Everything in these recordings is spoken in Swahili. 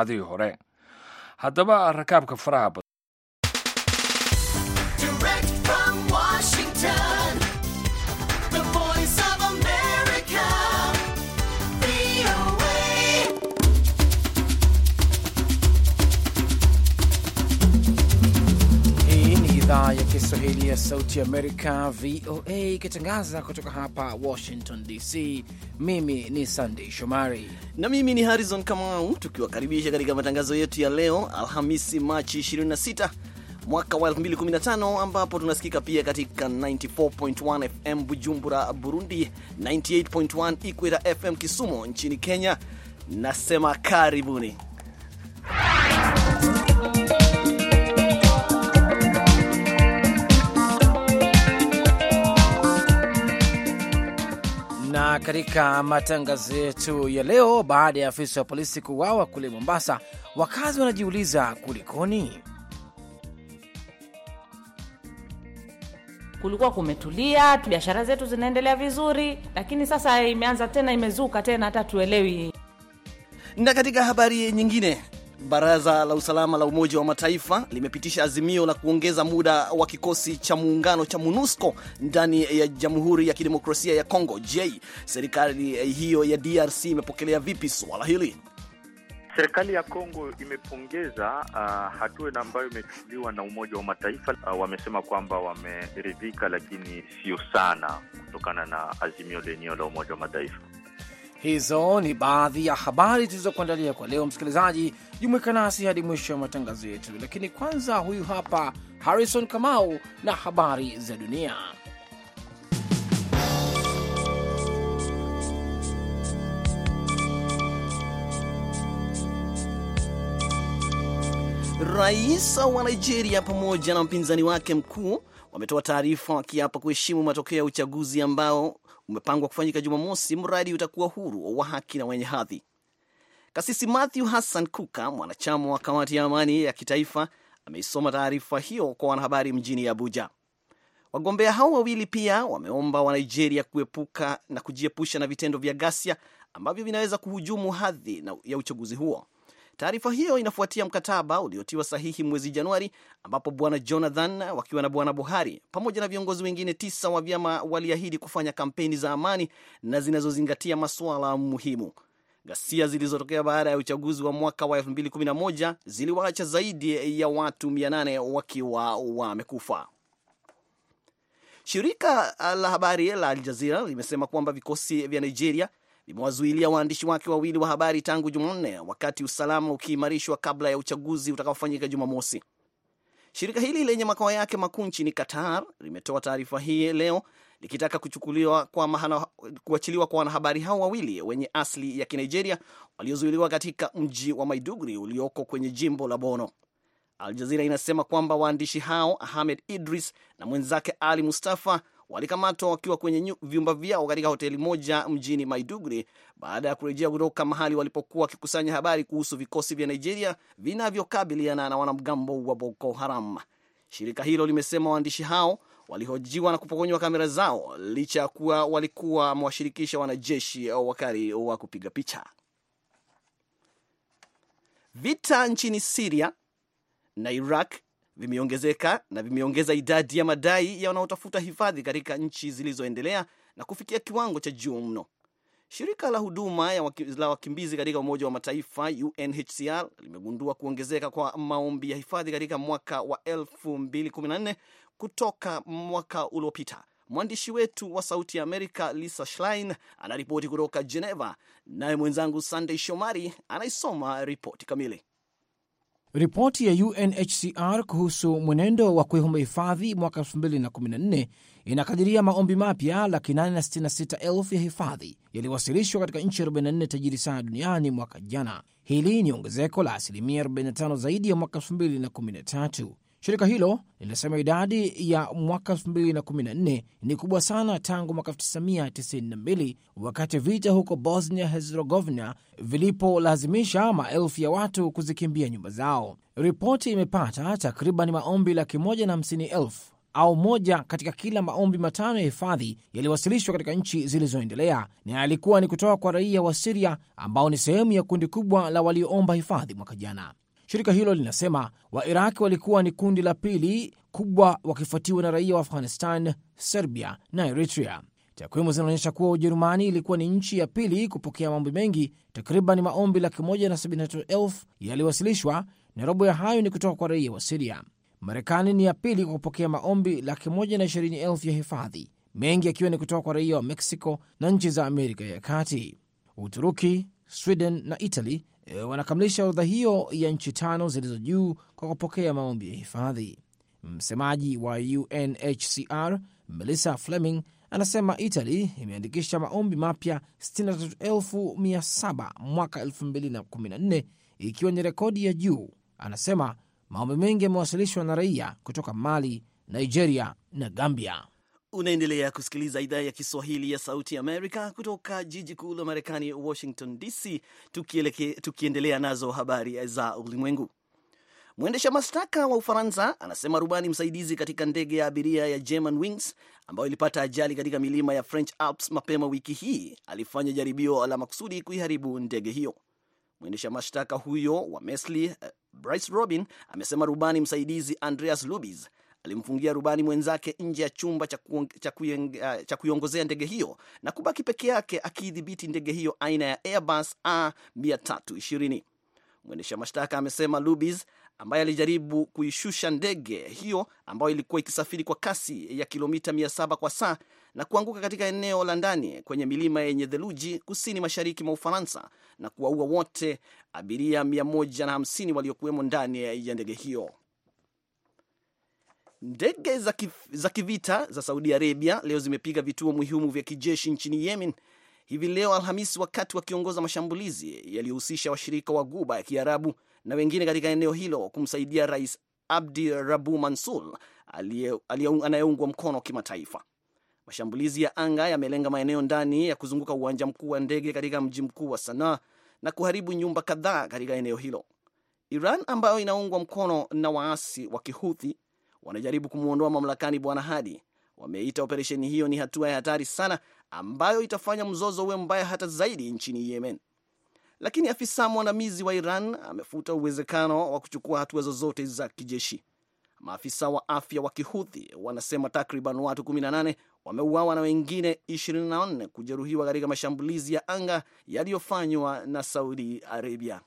adii hore haddaba rakaabka faraha badan Kiswahili ya Sauti Amerika, VOA, ikitangaza kutoka hapa Washington DC. Mimi ni Sandey Shomari na mimi ni Harrison Kamau, tukiwakaribisha katika matangazo yetu ya leo Alhamisi, Machi 26 mwaka wa 2015 ambapo tunasikika pia katika 94.1 FM Bujumbura, Burundi, 98.1 Ikweta FM Kisumu nchini Kenya. Nasema karibuni. katika matangazo yetu ya leo, baada ya afisa wa polisi kuuawa kule Mombasa, wakazi wanajiuliza kulikoni. Kulikuwa kumetulia, biashara zetu zinaendelea vizuri, lakini sasa imeanza tena, imezuka tena, hata tuelewi. Na katika habari nyingine Baraza la Usalama la Umoja wa Mataifa limepitisha azimio la kuongeza muda wa kikosi cha muungano cha MONUSCO ndani ya Jamhuri ya Kidemokrasia ya Kongo. Je, serikali hiyo ya DRC imepokelea vipi suala hili? Serikali ya Kongo imepongeza uh, hatua ambayo imechukuliwa na Umoja wa Mataifa. Uh, wamesema kwamba wameridhika, lakini sio sana, kutokana na azimio lenyewe la Umoja wa Mataifa. Hizo ni baadhi ya habari tulizokuandalia kwa leo. Msikilizaji, jumuika nasi hadi mwisho ya matangazo yetu, lakini kwanza, huyu hapa Harrison Kamau na habari za dunia. Rais wa Nigeria pamoja na mpinzani wake mkuu wametoa taarifa wakiapa kuheshimu matokeo ya uchaguzi ambao umepangwa kufanyika Jumamosi, mradi utakuwa huru wa haki na wenye hadhi. Kasisi matthew Hassan Kuka, mwanachama wa kamati ya amani ya kitaifa, ameisoma taarifa hiyo kwa wanahabari mjini Abuja. Wagombea hao wawili pia wameomba Wanigeria kuepuka na kujiepusha na vitendo vya ghasia ambavyo vinaweza kuhujumu hadhi ya uchaguzi huo. Taarifa hiyo inafuatia mkataba uliotiwa sahihi mwezi Januari, ambapo Bwana Jonathan wakiwa na Bwana Buhari pamoja na viongozi wengine tisa wa vyama waliahidi kufanya kampeni za amani na zinazozingatia masuala muhimu. Ghasia zilizotokea baada ya uchaguzi wa mwaka wa 2011 ziliwaacha zaidi ya watu 800 wakiwa wamekufa. Shirika la habari la aljazira limesema kwamba vikosi vya Nigeria limewazuilia waandishi wake wawili wa habari tangu Jumanne, wakati usalama ukiimarishwa kabla ya uchaguzi utakaofanyika Jumamosi. Shirika hili lenye makao yake makuu nchini Qatar limetoa taarifa hii leo likitaka kuchukuliwa kwa mahana, kuachiliwa kwa wanahabari hao wawili wenye asili ya Kinigeria waliozuiliwa katika mji wa Maiduguri ulioko kwenye jimbo la bono Al inasema kwamba waandishi hao Ahmed Idris na mwenzake Ali Mustafa walikamatwa wakiwa kwenye vyumba vyao katika hoteli moja mjini Maiduguri baada ya kurejea kutoka mahali walipokuwa wakikusanya habari kuhusu vikosi vya Nigeria vinavyokabiliana na wanamgambo wa Boko Haram. Shirika hilo limesema waandishi hao walihojiwa na kupokonywa kamera zao licha ya kuwa walikuwa wamewashirikisha wanajeshi wakali wa kupiga picha. Vita nchini Siria na Iraq vimeongezeka na vimeongeza idadi ya madai ya wanaotafuta hifadhi katika nchi zilizoendelea na kufikia kiwango cha juu mno. Shirika la huduma ya waki, la wakimbizi katika Umoja wa Mataifa UNHCR limegundua kuongezeka kwa maombi ya hifadhi katika mwaka wa 2014 kutoka mwaka uliopita. Mwandishi wetu wa Sauti ya Amerika Lisa Schlein anaripoti kutoka Geneva, naye mwenzangu Sandey Shomari anaisoma ripoti kamili. Ripoti ya UNHCR kuhusu mwenendo wa kuihuma hifadhi mwaka 2014 inakadiria maombi mapya laki 866 ya hifadhi yaliwasilishwa katika nchi 44 tajiri sana duniani mwaka jana. Hili ni ongezeko la asilimia 45 zaidi ya mwaka 2013. Shirika hilo linasema idadi ya mwaka 2014 ni kubwa sana tangu mwaka 1992 wakati vita huko Bosnia Herzegovina vilipolazimisha maelfu ya watu kuzikimbia nyumba zao. Ripoti imepata takriban maombi laki moja na hamsini elfu au moja katika kila maombi matano ya hifadhi yaliwasilishwa katika nchi zilizoendelea na yalikuwa ni kutoka kwa raia wa Siria ambao ni sehemu ya kundi kubwa la walioomba hifadhi mwaka jana. Shirika hilo linasema Wairaq walikuwa ni kundi la pili kubwa, wakifuatiwa na raia wa Afghanistan, Serbia na Eritrea. Takwimu zinaonyesha kuwa Ujerumani ilikuwa ni nchi ya pili kupokea maombi mengi, takriban maombi laki moja na sabini na tatu elfu yaliyowasilishwa na robo ya hayo ni kutoka kwa raia wa Siria. Marekani ni ya pili kwa kupokea maombi laki moja na ishirini elfu ya hifadhi, mengi yakiwa ni kutoka kwa raia wa Meksiko na nchi za Amerika ya Kati. Uturuki, Sweden na italy E, wanakamilisha orodha hiyo ya nchi tano zilizo juu kwa kupokea maombi ya hifadhi. Msemaji wa UNHCR Melissa Fleming anasema Italy imeandikisha maombi mapya 637 mwaka 2014 ikiwa ni rekodi ya juu. Anasema maombi mengi yamewasilishwa na raia kutoka Mali, Nigeria na Gambia. Unaendelea kusikiliza idhaa ya Kiswahili ya Sauti Amerika kutoka jiji kuu la Marekani, Washington DC, tukiendelea nazo habari za ulimwengu. Mwendesha mashtaka wa Ufaransa anasema rubani msaidizi katika ndege ya abiria ya Wings ambayo ilipata ajali katika milima ya French Alps mapema wiki hii alifanya jaribio la makusudi kuiharibu ndege hiyo. Mwendesha mashtaka huyo wa Mesli uh, eh, Brice Robin amesema rubani msaidizi Andreas Lubitz alimfungia rubani mwenzake nje ya chumba ah, cha kuiongozea ndege hiyo na kubaki peke yake akiidhibiti ndege hiyo aina ya Airbus A320. Mwendesha mashtaka amesema Lubis ambaye alijaribu kuishusha ndege hiyo ambayo ilikuwa ikisafiri kwa kasi ya kilomita 700 kwa saa na kuanguka katika eneo la ndani kwenye milima yenye theluji kusini mashariki mwa Ufaransa na kuwaua wote abiria 150 waliokuwemo ndani ya ndege hiyo. Ndege za, kif, za kivita za Saudi Arabia leo zimepiga vituo muhimu vya kijeshi nchini Yemen hivi leo Alhamisi, wakati wakiongoza mashambulizi yaliyohusisha washirika wa Guba ya Kiarabu na wengine katika eneo hilo kumsaidia Rais Abdi Rabu Mansur anayeungwa mkono kimataifa. Mashambulizi ya anga yamelenga maeneo ndani ya kuzunguka uwanja mkuu wa ndege katika mji mkuu wa Sanaa na kuharibu nyumba kadhaa katika eneo hilo. Iran ambayo inaungwa mkono na waasi wa Kihuthi wanajaribu kumwondoa mamlakani Bwana Hadi. Wameita operesheni hiyo ni hatua ya hatari sana ambayo itafanya mzozo uwe mbaya hata zaidi nchini Yemen. Lakini afisa mwandamizi wa Iran amefuta uwezekano wa kuchukua hatua zozote za kijeshi. Maafisa wa afya wa Kihuthi wanasema takriban watu 18 wameuawa na wengine 24 kujeruhiwa katika mashambulizi ya anga yaliyofanywa na Saudi Arabia.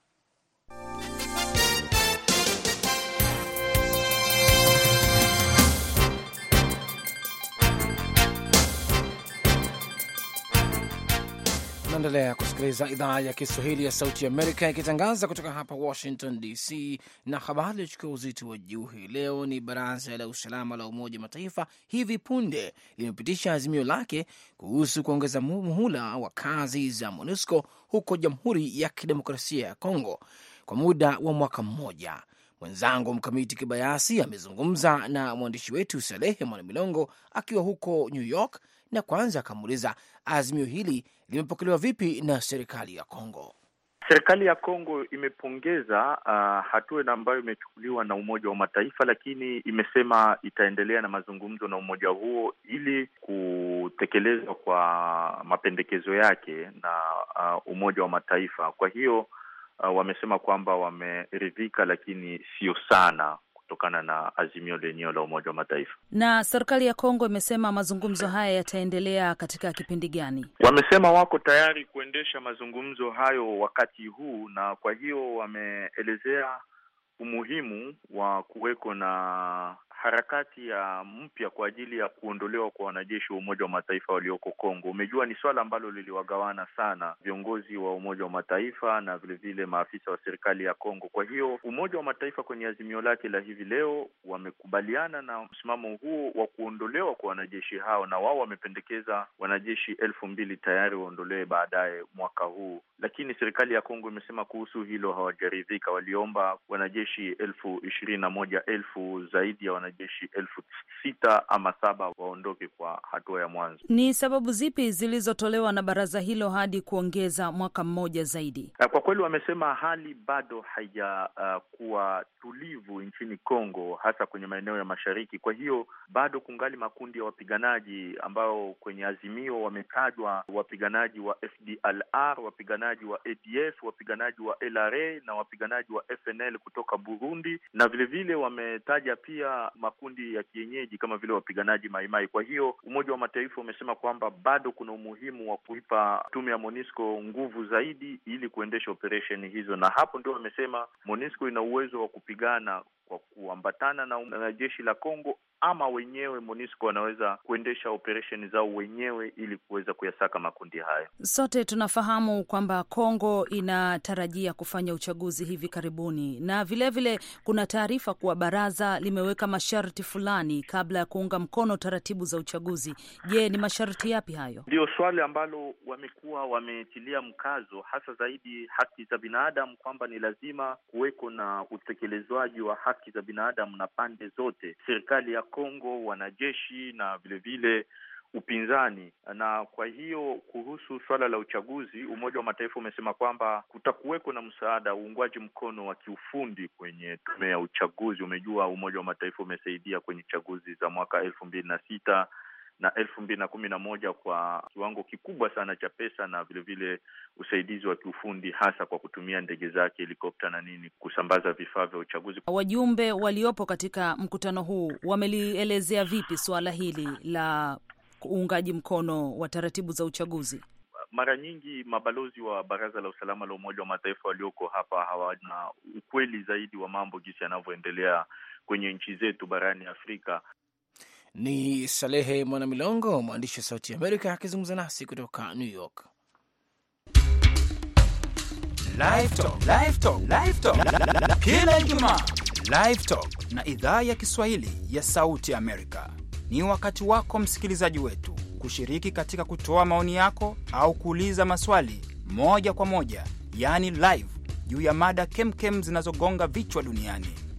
Unaendelea kusikiliza idhaa ya Kiswahili ya Sauti Amerika ikitangaza kutoka hapa Washington DC, na habari iliyochukua uzito wa juu hii leo ni Baraza la Usalama la Umoja wa Mataifa hivi punde limepitisha azimio lake kuhusu kuongeza muhula wa kazi za MONUSCO huko Jamhuri ya Kidemokrasia ya Kongo kwa muda wa mwaka mmoja. Mwenzangu Mkamiti Kibayasi amezungumza na mwandishi wetu Salehe Mwanamilongo akiwa huko New York, na kwanza akamuuliza azimio hili limepokelewa vipi na serikali ya Kongo? Serikali ya Kongo imepongeza uh, hatua ambayo imechukuliwa na Umoja wa Mataifa, lakini imesema itaendelea na mazungumzo na umoja huo ili kutekelezwa kwa mapendekezo yake na uh, Umoja wa Mataifa. Kwa hiyo uh, wamesema kwamba wameridhika, lakini sio sana kutokana na azimio lenyewe la Umoja wa Mataifa. Na serikali ya Kongo imesema mazungumzo haya yataendelea katika kipindi gani? Wamesema wako tayari kuendesha mazungumzo hayo wakati huu, na kwa hiyo wameelezea umuhimu wa kuweko na harakati ya mpya kwa ajili ya kuondolewa kwa wanajeshi wa Umoja wa Mataifa walioko Kongo. Umejua, ni swala ambalo liliwagawana sana viongozi wa Umoja wa Mataifa na vilevile vile maafisa wa serikali ya Kongo. Kwa hiyo Umoja wa Mataifa kwenye azimio lake la hivi leo wamekubaliana na msimamo huo wa kuondolewa kwa wanajeshi hao, na wao wamependekeza wanajeshi elfu mbili tayari waondolewe baadaye mwaka huu, lakini serikali ya Kongo imesema kuhusu hilo hawajaridhika. Waliomba wanajeshi wanajeshi elfu ishirini na moja elfu zaidi ya wanajeshi elfu sita ama saba waondoke kwa hatua ya mwanzo. Ni sababu zipi zilizotolewa na baraza hilo hadi kuongeza mwaka mmoja zaidi? Kwa kweli wamesema hali bado haijakuwa uh, tulivu nchini Kongo, hasa kwenye maeneo ya mashariki. Kwa hiyo bado kungali makundi ya wapiganaji ambao kwenye azimio wametajwa wapiganaji wa FDLR, wapiganaji wa ADF, wapiganaji wa LRA na wapiganaji wa FNL kutoka Burundi, na vilevile wametaja pia makundi ya kienyeji kama vile wapiganaji Maimai. Kwa hiyo Umoja wa Mataifa umesema kwamba bado kuna umuhimu wa kuipa tume ya MONUSCO nguvu zaidi ili kuendesha operesheni hizo, na hapo ndio wamesema MONUSCO ina uwezo wa kupigana kwa kuambatana na, na jeshi la Kongo ama wenyewe MONUSCO wanaweza kuendesha operesheni zao wenyewe ili kuweza kuyasaka makundi hayo. Sote tunafahamu kwamba Kongo inatarajia kufanya uchaguzi hivi karibuni, na vilevile vile kuna taarifa kuwa baraza limeweka masharti fulani kabla ya kuunga mkono taratibu za uchaguzi. Je, ni masharti yapi hayo? ndio swali ambalo wamekuwa wametilia mkazo hasa zaidi haki za binadamu, kwamba ni lazima kuweko na utekelezwaji wa haki za binadamu na pande zote, serikali ya Kongo, wanajeshi na vilevile upinzani. Na kwa hiyo kuhusu suala la uchaguzi, Umoja wa Mataifa umesema kwamba kutakuweko na msaada, uungwaji mkono wa kiufundi kwenye tume ya uchaguzi. Umejua, Umoja wa Mataifa umesaidia kwenye chaguzi za mwaka elfu mbili na sita na elfu mbili na kumi na moja kwa kiwango kikubwa sana cha pesa na vilevile vile usaidizi wa kiufundi hasa kwa kutumia ndege zake helikopta na nini kusambaza vifaa vya uchaguzi. Wajumbe waliopo katika mkutano huu wamelielezea vipi suala hili la uungaji mkono wa taratibu za uchaguzi? Mara nyingi mabalozi wa Baraza la Usalama la Umoja wa Mataifa walioko hapa hawana ukweli zaidi wa mambo jinsi yanavyoendelea kwenye nchi zetu barani Afrika. Ni Salehe Mwanamilongo, mwandishi wa Sauti ya Amerika akizungumza nasi kutoka New York. Kila Ijumaa Live Talk na idhaa ya Kiswahili ya Sauti Amerika ni wakati wako msikilizaji wetu kushiriki katika kutoa maoni yako au kuuliza maswali moja kwa moja, yaani live, juu ya mada kemkem zinazogonga vichwa duniani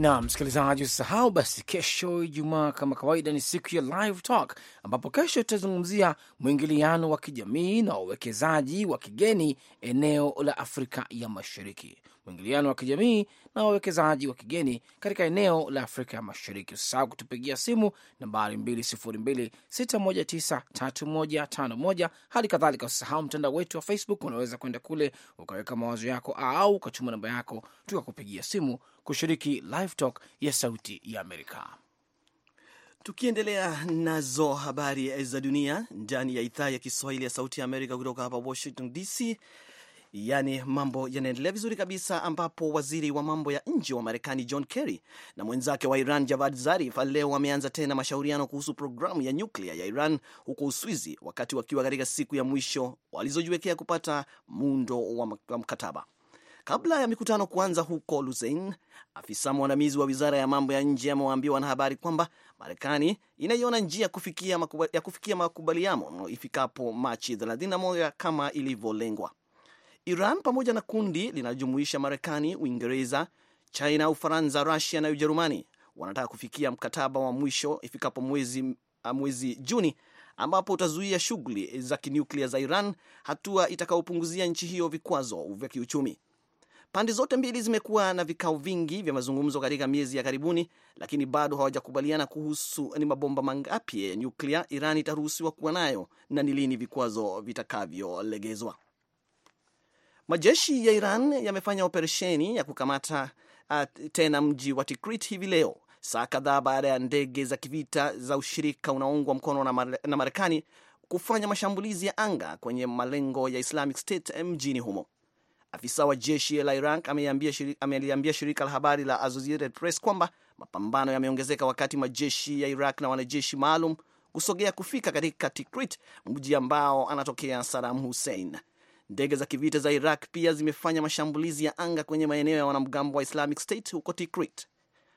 na msikilizaji, usisahau basi, kesho Ijumaa kama kawaida ni siku ya Live Talk, ambapo kesho tutazungumzia mwingiliano wa kijamii na wawekezaji wa kigeni eneo la Afrika ya Mashariki. Mwingiliano wa kijamii na wawekezaji wa kigeni katika eneo la Afrika ya Mashariki. Usisahau kutupigia simu nambari 2026193151 hadi kadhalika. Usisahau mtandao wetu wa Facebook, unaweza kwenda kule ukaweka mawazo yako au ukachuma namba yako tukakupigia simu kushiriki live talk ya Sauti ya Amerika. Tukiendelea nazo habari za dunia ndani ya idhaa ya Kiswahili ya Sauti ya Amerika kutoka hapa Washington DC. Yaani, mambo yanaendelea vizuri kabisa, ambapo waziri wa mambo ya nje wa Marekani John Kerry na mwenzake wa Iran Javad Zarif leo wameanza tena mashauriano kuhusu programu ya nyuklia ya Iran huko Uswizi, wakati wakiwa katika siku ya mwisho walizojiwekea kupata muundo wa mkataba. Kabla ya mikutano kuanza huko Lusain, afisa mwandamizi wa wizara ya mambo ya nje amewaambia wanahabari kwamba Marekani inaiona njia kufikia ya kufikia makubaliano ifikapo Machi 31 kama ilivyolengwa. Iran pamoja na kundi linalojumuisha Marekani, Uingereza, China, Ufaransa, Rusia na Ujerumani wanataka kufikia mkataba wa mwisho ifikapo mwezi, ah, mwezi Juni ambapo utazuia shughuli za kinuklia za Iran, hatua itakayopunguzia nchi hiyo vikwazo vya kiuchumi. Pande zote mbili zimekuwa na vikao vingi vya mazungumzo katika miezi ya karibuni, lakini bado hawajakubaliana kuhusu ni mabomba mangapi ya nyuklia Iran itaruhusiwa kuwa nayo na ni lini vikwazo vitakavyolegezwa. Majeshi ya Iran yamefanya operesheni ya kukamata tena mji wa Tikrit hivi leo saa kadhaa baada ya ndege za kivita za ushirika unaoungwa mkono na Marekani kufanya mashambulizi ya anga kwenye malengo ya Islamic State mjini humo. Afisa wa jeshi la Iraq ameliambia shirika la habari la Associated Press kwamba mapambano yameongezeka wakati majeshi ya Iraq na wanajeshi maalum kusogea kufika katika Tikrit, mji ambao anatokea Saddam Hussein. Ndege za kivita za Iraq pia zimefanya mashambulizi ya anga kwenye maeneo ya wanamgambo wa Islamic State huko Tikrit.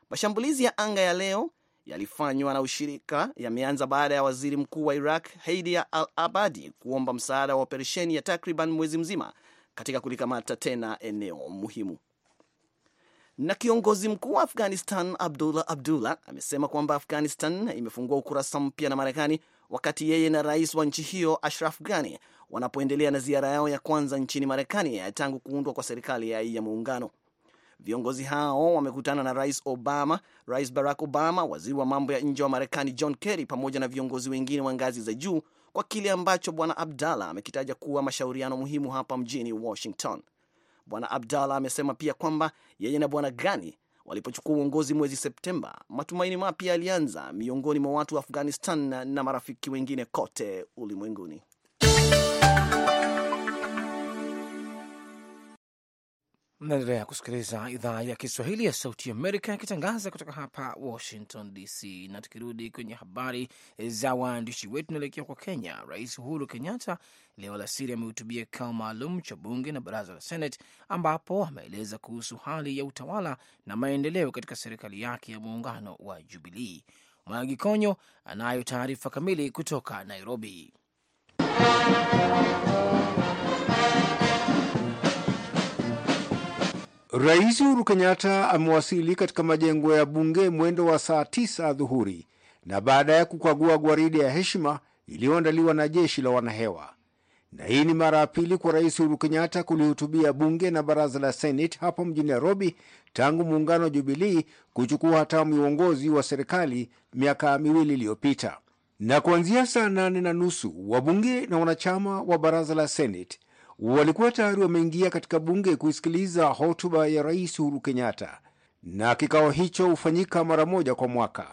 Mashambulizi ya anga ya leo yalifanywa na ushirika yameanza baada ya waziri mkuu wa Iraq Haider al-Abadi kuomba msaada wa operesheni ya takriban mwezi mzima katika kulikamata tena eneo muhimu. Na kiongozi mkuu wa Afghanistan Abdullah Abdullah amesema kwamba Afghanistan imefungua ukurasa mpya na Marekani wakati yeye na rais wa nchi hiyo Ashraf Ghani wanapoendelea na ziara yao ya kwanza nchini Marekani eh, tangu kuundwa kwa serikali ya ya muungano. Viongozi hao wamekutana na rais Obama, rais Barack Obama, waziri wa mambo ya nje wa Marekani John Kerry, pamoja na viongozi wengine wa ngazi za juu kwa kile ambacho Bwana Abdalla amekitaja kuwa mashauriano muhimu hapa mjini Washington. Bwana Abdalla amesema pia kwamba yeye na Bwana Ghani walipochukua uongozi mwezi Septemba, matumaini mapya yalianza miongoni mwa watu wa Afghanistan na marafiki wengine kote ulimwenguni. Mnaendelea kusikiliza idhaa ya Kiswahili ya Sauti Amerika ikitangaza kutoka hapa Washington DC. Na tukirudi kwenye habari za waandishi wetu, tunaelekea kwa Kenya. Rais Uhuru Kenyatta leo alasiri amehutubia kikao maalum cha bunge na baraza la Senate, ambapo ameeleza kuhusu hali ya utawala na maendeleo katika serikali yake ya muungano wa Jubilii. Mwanagikonyo anayo taarifa kamili kutoka Nairobi. Rais Uhuru Kenyatta amewasili katika majengo ya bunge mwendo wa saa tisa dhuhuri na baada ya kukagua gwaride ya heshima iliyoandaliwa na jeshi la wanahewa. Na hii ni mara ya pili kwa Rais Uhuru Kenyatta kulihutubia bunge na baraza la senate hapo mjini Nairobi tangu muungano wa Jubilii kuchukua hatamu ya uongozi wa serikali miaka miwili iliyopita. Na kuanzia saa nane na nusu wabunge na wanachama wa baraza la senat walikuwa tayari wameingia katika bunge kuisikiliza hotuba ya Rais Uhuru Kenyatta, na kikao hicho hufanyika mara moja kwa mwaka.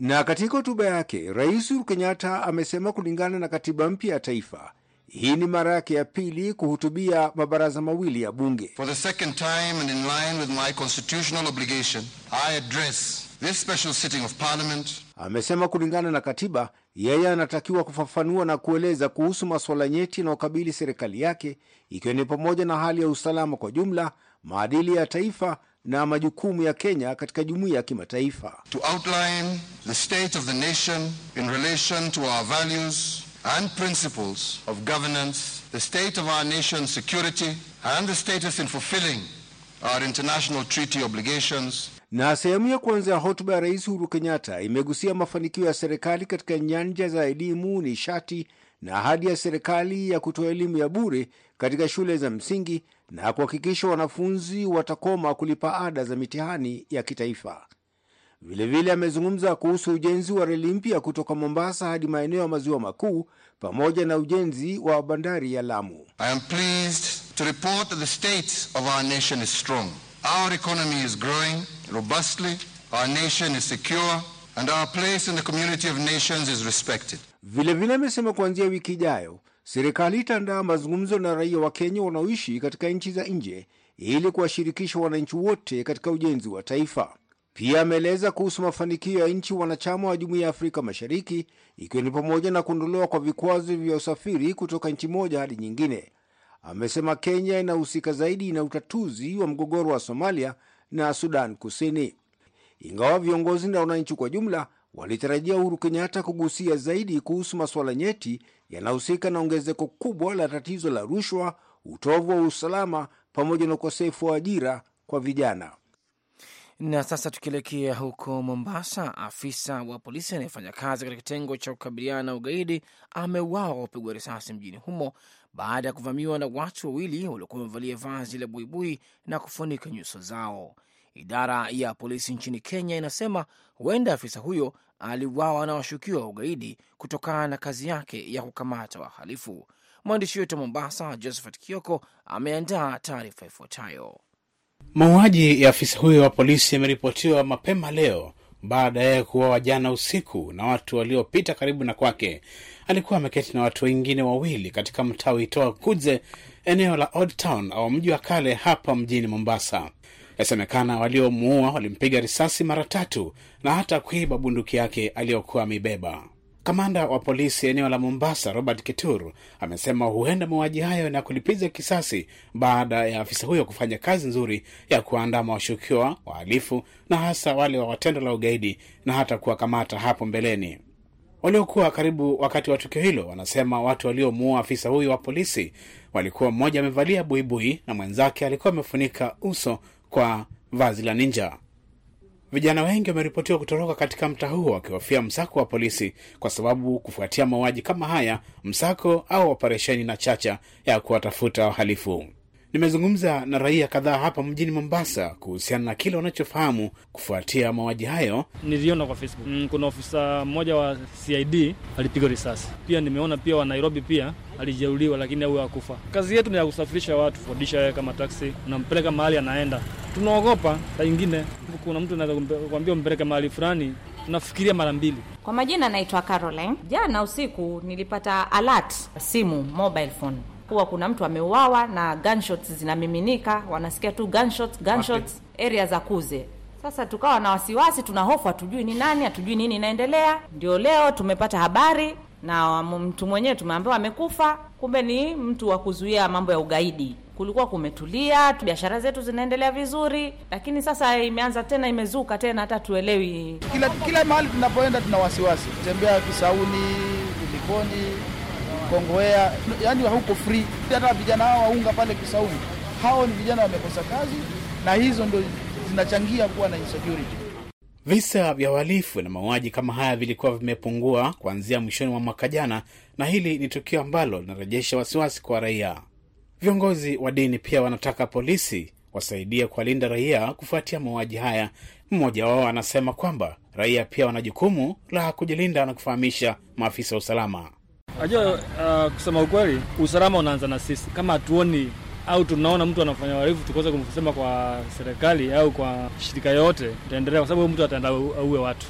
Na katika hotuba yake Rais Uhuru Kenyatta amesema kulingana na katiba mpya ya taifa, hii ni mara yake ya pili kuhutubia mabaraza mawili ya bunge. For the second time and in line with my constitutional obligation, I address This special sitting of parliament. Amesema kulingana na katiba yeye anatakiwa kufafanua na kueleza kuhusu masuala nyeti yanayokabili serikali yake ikiwa ni pamoja na hali ya usalama kwa jumla, maadili ya taifa na majukumu ya Kenya katika jumuiya ya kimataifa. To outline the state of the nation in relation to our values and principles of governance, the state of our nation's security and the status in fulfilling our international treaty obligations. Na sehemu ya kwanza ya hotuba ya Rais Uhuru Kenyatta imegusia mafanikio ya serikali katika nyanja za elimu, nishati na ahadi ya serikali ya kutoa elimu ya bure katika shule za msingi na kuhakikisha wanafunzi watakoma kulipa ada za mitihani ya kitaifa. Vilevile amezungumza kuhusu ujenzi wa reli mpya kutoka Mombasa hadi maeneo ya maziwa makuu pamoja na ujenzi wa bandari ya Lamu. I am pleased to report that the state of our nation is strong. Our economy is growing robustly, our nation is secure, and our place in the community of nations is respected. Vilevile amesema kuanzia wiki ijayo serikali itaandaa mazungumzo na raia wa Kenya wanaoishi katika nchi za nje ili kuwashirikisha wananchi wote katika ujenzi wa taifa. Pia ameeleza kuhusu mafanikio ya nchi wanachama wa Jumuiya ya Afrika Mashariki, ikiwa ni pamoja na kuondolewa kwa vikwazo vya usafiri kutoka nchi moja hadi nyingine amesema Kenya inahusika zaidi na utatuzi wa mgogoro wa Somalia na Sudan Kusini, ingawa viongozi na wananchi kwa jumla walitarajia Uhuru Kenyatta kugusia zaidi kuhusu masuala nyeti yanahusika na ongezeko kubwa la tatizo la rushwa, utovu wa usalama pamoja na ukosefu wa ajira kwa vijana. Na sasa tukielekea huko Mombasa, afisa wa polisi anayefanya kazi katika kitengo cha kukabiliana na ugaidi ameuawa kwa kupigwa risasi mjini humo baada ya kuvamiwa na watu wawili waliokuwa wamevalia vazi la buibui na kufunika nyuso zao. Idara ya polisi nchini Kenya inasema huenda afisa huyo aliuawa na washukiwa wa ugaidi kutokana na kazi yake ya kukamata wahalifu. Mwandishi wetu wa Mombasa, Josephat Kioko, ameandaa taarifa ifuatayo. Mauaji ya afisa huyo wa polisi yameripotiwa mapema leo baada ya kuuawa jana usiku na watu waliopita karibu na kwake. Alikuwa ameketi na watu wengine wawili katika mtaa uitoa kuze eneo la Old Town au mji wa kale hapa mjini Mombasa. Yasemekana waliomuua walimpiga risasi mara tatu na hata kuiba bunduki yake aliyokuwa ameibeba. Kamanda wa polisi eneo la Mombasa, Robert Kituru, amesema huenda mauaji hayo na kulipiza kisasi baada ya afisa huyo kufanya kazi nzuri ya kuandama washukiwa wahalifu na hasa wale wa watendo la ugaidi na hata kuwakamata hapo mbeleni. Waliokuwa karibu wakati wa tukio hilo wanasema watu waliomuua afisa huyo wa polisi walikuwa mmoja amevalia buibui na mwenzake alikuwa amefunika uso kwa vazi la ninja. Vijana wengi wameripotiwa kutoroka katika mtaa huo wakihofia msako wa polisi, kwa sababu kufuatia mauaji kama haya, msako au operesheni na chacha ya kuwatafuta wahalifu Nimezungumza na raia kadhaa hapa mjini Mombasa kuhusiana na kile wanachofahamu kufuatia mauaji hayo. Niliona kwa Facebook mm, kuna ofisa mmoja wa CID alipigwa risasi. Pia nimeona pia wa Nairobi pia alijeuliwa, lakini au akufa Kazi yetu ni ya kusafirisha watu, kukodisha wewe kama taksi, unampeleka mahali anaenda. Tunaogopa saa ingine, kuna mtu anaweza kuambia umpeleke mahali fulani, nafikiria mara mbili. Kwa majina anaitwa Caroline. Jana usiku nilipata alert simu, mobile phone kuwa kuna mtu ameuawa na gunshots zinamiminika, wanasikia tu gunshots, gunshots area za Kuze. Sasa tukawa na wasiwasi, tuna hofu, hatujui ni nani, hatujui nini inaendelea. Ndio leo tumepata habari na mtu mwenyewe tumeambiwa amekufa, kumbe ni mtu wa kuzuia mambo ya ugaidi. Kulikuwa kumetulia, biashara zetu zinaendelea vizuri, lakini sasa imeanza tena, imezuka tena, hata tuelewi. Kila, kila mahali tunapoenda tuna wasiwasi, kutembea Kisauni, Likoni Kongowea, yani hauko free. Hata vijana hao waunga pale Kisauni, hao ni vijana wamekosa kazi, na hizo ndo zinachangia kuwa na insecurity. Visa vya uhalifu na mauaji kama haya vilikuwa vimepungua kuanzia mwishoni mwa mwaka jana, na hili ni tukio ambalo linarejesha wasiwasi kwa raia. Viongozi wa dini pia wanataka polisi wasaidie kuwalinda raia kufuatia mauaji haya. Mmoja wao anasema kwamba raia pia wana jukumu la kujilinda na kufahamisha maafisa wa usalama. Najua uh, kusema ukweli, usalama unaanza na sisi. Kama hatuoni au tunaona mtu anafanya uhalifu, tukose kumsema kwa serikali au kwa shirika yoyote, utaendelea kwa sababu mtu ataenda auwe watu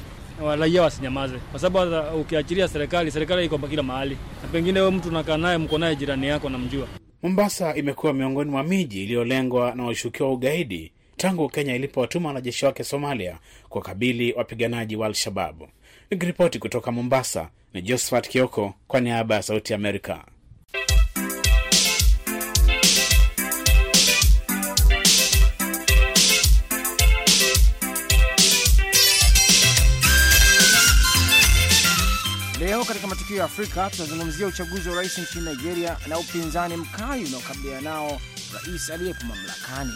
raia wasinyamaze, kwa sababu ukiachilia serikali, serikali iko kila mahali, na pengine wewe mtu unakaa naye, mko naye, jirani yako namjua. Mombasa imekuwa miongoni mwa miji iliyolengwa na washukiwa wa ugaidi tangu Kenya ilipowatuma wanajeshi wake Somalia kuwakabili wapiganaji wa Al-Shababu. Nikiripoti kutoka Mombasa ni Josephat Kioko kwa niaba ya Sauti Amerika. Leo katika matukio ya Afrika tunazungumzia uchaguzi wa rais nchini Nigeria na upinzani mkali unaokabiliana nao rais aliyepo mamlakani.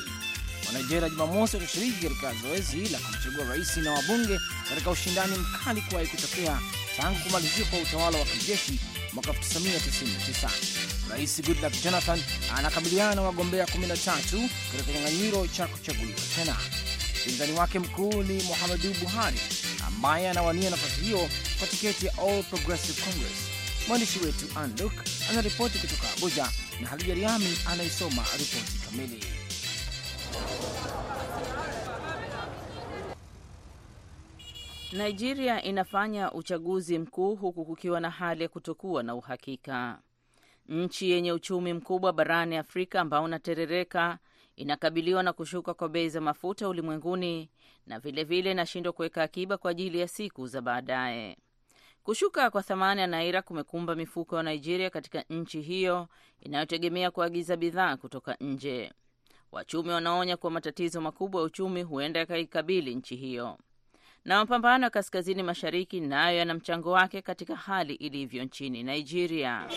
Wanigeria Jumamosi watashiriki katika zoezi la kumchagua rais na wabunge katika ushindani mkali kuwahi kutokea tangu kumalizika kwa utawala wa kijeshi mwaka 1999. Rais Goodluck Jonathan anakabiliana na wagombea 13 katika kinyang'anyiro cha kuchaguliwa tena. Mpinzani wake mkuu ni Muhammadu Buhari ambaye anawania nafasi hiyo kwa tiketi ya All Progressive Congress. Mwandishi wetu Anluk Luk anaripoti kutoka Abuja na Hadija Riami anaisoma ripoti kamili. Nigeria inafanya uchaguzi mkuu huku kukiwa na hali ya kutokuwa na uhakika. Nchi yenye uchumi mkubwa barani Afrika ambao unaterereka inakabiliwa na kushuka kwa bei za mafuta ulimwenguni na vilevile inashindwa kuweka akiba kwa ajili ya siku za baadaye. Kushuka kwa thamani ya naira kumekumba mifuko ya Nigeria katika nchi hiyo inayotegemea kuagiza bidhaa kutoka nje. Wachumi wanaonya kuwa matatizo makubwa ya uchumi huenda yakaikabili nchi hiyo na mapambano ya kaskazini mashariki nayo yana mchango wake katika hali ilivyo nchini Nigeria.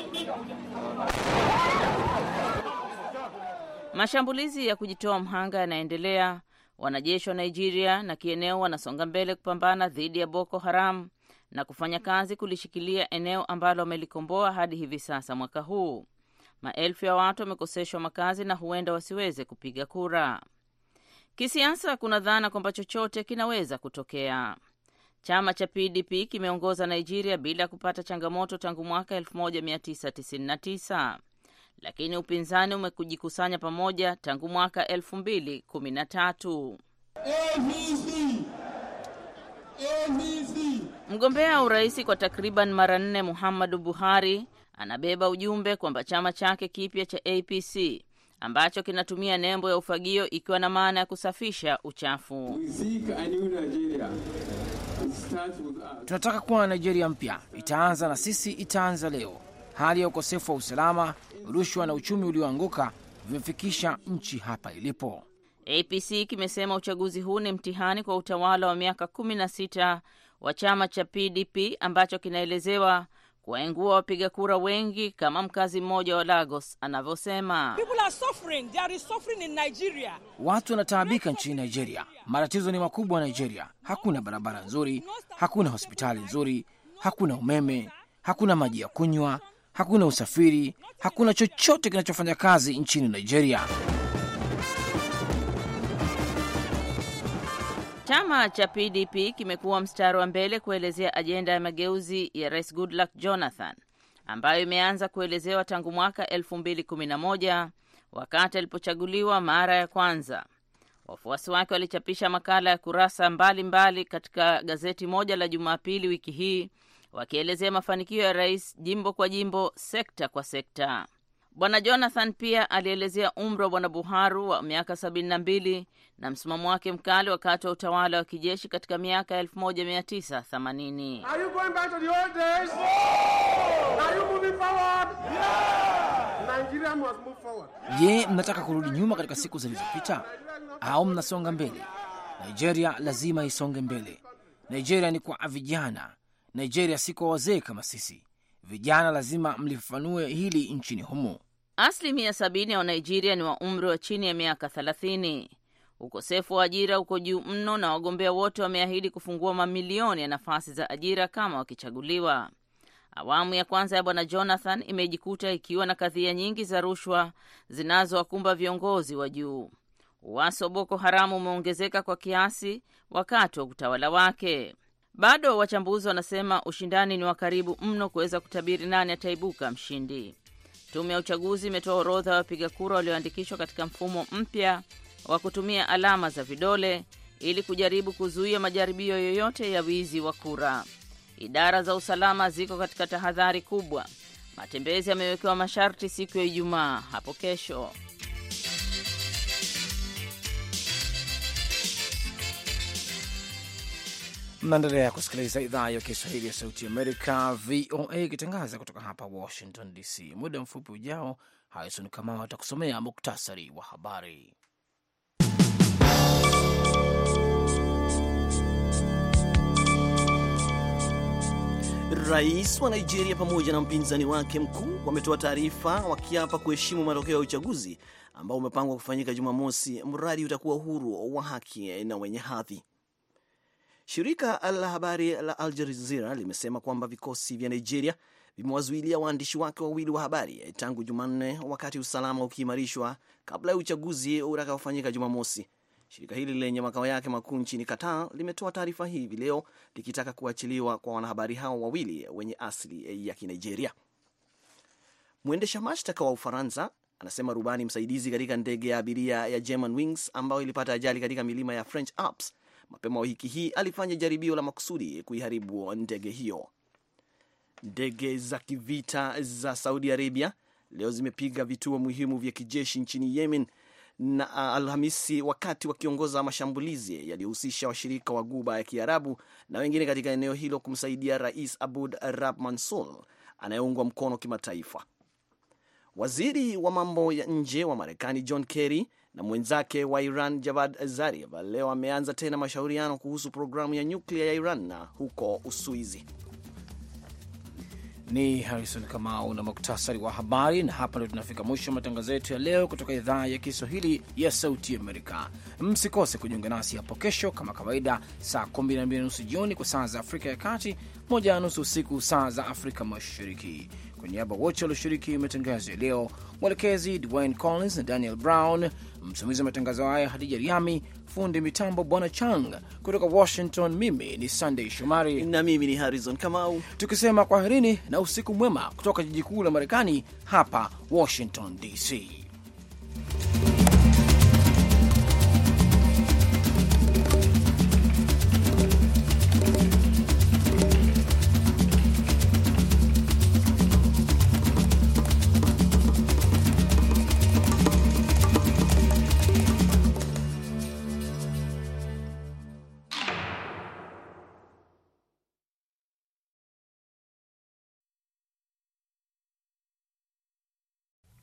Mashambulizi ya kujitoa mhanga yanaendelea. Wanajeshi wa Nigeria na kieneo wanasonga mbele kupambana dhidi ya Boko Haram na kufanya kazi kulishikilia eneo ambalo wamelikomboa hadi hivi sasa. Mwaka huu maelfu ya watu wamekoseshwa makazi na huenda wasiweze kupiga kura. Kisiasa kuna dhana kwamba chochote kinaweza kutokea. Chama cha PDP kimeongoza Nigeria bila kupata changamoto tangu mwaka 1999 lakini upinzani umekujikusanya pamoja tangu mwaka 2013. Mgombea wa urais kwa takriban mara nne Muhammadu Buhari anabeba ujumbe kwamba chama chake kipya cha APC ambacho kinatumia nembo ya ufagio ikiwa na maana ya kusafisha uchafu. Tunataka kuwa Nigeria mpya, itaanza na sisi, itaanza leo. Hali ya ukosefu wa usalama, rushwa na uchumi ulioanguka vimefikisha nchi hapa ilipo. APC kimesema uchaguzi huu ni mtihani kwa utawala wa miaka 16 wa chama cha PDP ambacho kinaelezewa kuwaingua wapiga kura wengi, kama mkazi mmoja wa Lagos anavyosema. Watu wanataabika nchini Nigeria, matatizo ni makubwa. Nigeria hakuna barabara nzuri, hakuna hospitali nzuri, hakuna umeme, hakuna maji ya kunywa, hakuna usafiri, hakuna chochote kinachofanya kazi nchini Nigeria. Chama cha PDP kimekuwa mstari wa mbele kuelezea ajenda ya mageuzi ya Rais Goodluck Jonathan ambayo imeanza kuelezewa tangu mwaka 2011 wakati alipochaguliwa mara ya kwanza. Wafuasi wake walichapisha makala ya kurasa mbalimbali mbali katika gazeti moja la Jumapili wiki hii wakielezea mafanikio ya rais jimbo kwa jimbo, sekta kwa sekta. Bwana Jonathan pia alielezea umri wa Bwana Buharu wa miaka sabini na mbili na msimamo wake mkali wakati wa utawala wa kijeshi katika miaka tisa 1980. Je, mnataka kurudi nyuma katika siku zilizopita au mnasonga mbele? Nigeria lazima isonge mbele. Nigeria ni kwa vijana. Nigeria si kwa wazee kama sisi. Vijana lazima mlifafanue hili nchini humo. Asilimia sabini ya Wanigeria ni wa umri wa chini ya miaka thelathini. Ukosefu wa ajira uko juu mno, na wagombea wote wameahidi kufungua mamilioni ya nafasi za ajira kama wakichaguliwa. Awamu ya kwanza ya Bwana Jonathan imejikuta ikiwa na kadhia nyingi za rushwa zinazowakumba viongozi wa juu. uwasi wa Boko Haramu umeongezeka kwa kiasi wakati wa utawala wake. Bado wachambuzi wanasema ushindani ni wa karibu mno kuweza kutabiri nani ataibuka mshindi. Tume ya uchaguzi imetoa orodha ya wapiga kura walioandikishwa katika mfumo mpya wa kutumia alama za vidole ili kujaribu kuzuia majaribio yoyote ya wizi wa kura. Idara za usalama ziko katika tahadhari kubwa. Matembezi yamewekewa masharti siku ya Ijumaa hapo kesho. Mnaendelea kusikiliza idhaa ya Kiswahili ya Sauti Amerika, VOA, ikitangaza kutoka hapa Washington DC. Muda mfupi ujao, Harison Kamau atakusomea muktasari wa habari. Rais wa Nigeria pamoja na mpinzani wake mkuu wametoa taarifa wakiapa kuheshimu matokeo ya uchaguzi ambao umepangwa kufanyika Jumamosi, mradi utakuwa huru wa haki na wenye hadhi. Shirika la habari la Al Jazeera limesema kwamba vikosi vya Nigeria vimewazuilia waandishi wake wawili wa habari tangu Jumanne, wakati usalama ukiimarishwa kabla ya uchaguzi utakaofanyika Jumamosi. Shirika hili lenye makao yake makuu nchini Qatar limetoa taarifa hii hivi leo likitaka kuachiliwa kwa wanahabari hao wawili wenye asili ya Kinigeria. Mwendesha mashtaka wa Ufaransa anasema rubani msaidizi katika ndege ya abiria ya ambayo ilipata ajali katika milima ya French Alps mapema wiki hii alifanya jaribio la makusudi kuiharibu ndege hiyo. Ndege za kivita za Saudi Arabia leo zimepiga vituo muhimu vya kijeshi nchini Yemen na Alhamisi wakati wakiongoza mashambulizi yaliyohusisha washirika wa Guba ya Kiarabu na wengine katika eneo hilo kumsaidia Rais Abud Rab Mansur anayeungwa mkono kimataifa. Waziri wa mambo ya nje wa Marekani John Kerry na mwenzake wa Iran Javad Zarif leo ameanza tena mashauriano kuhusu programu ya nyuklia ya Iran na huko Uswizi. Ni Harrison Kamau na muktasari wa habari, na hapa ndio tunafika mwisho wa matangazo yetu ya leo kutoka idhaa ya Kiswahili ya Sauti Amerika. Msikose kujiunga nasi hapo kesho kama kawaida, saa 12 na nusu jioni kwa saa za Afrika ya Kati, moja na nusu usiku saa za Afrika Mashariki. Kwa niaba wote walioshiriki matangazo ya leo, mwelekezi Dwayne Collins na Daniel Brown, msimamizi wa matangazo haya Hadija Riami, fundi mitambo Bwana Chang kutoka Washington. Mimi ni sandey Shomari na mimi ni Harrison Kamau, tukisema kwaherini na usiku mwema kutoka jiji kuu la Marekani, hapa Washington DC.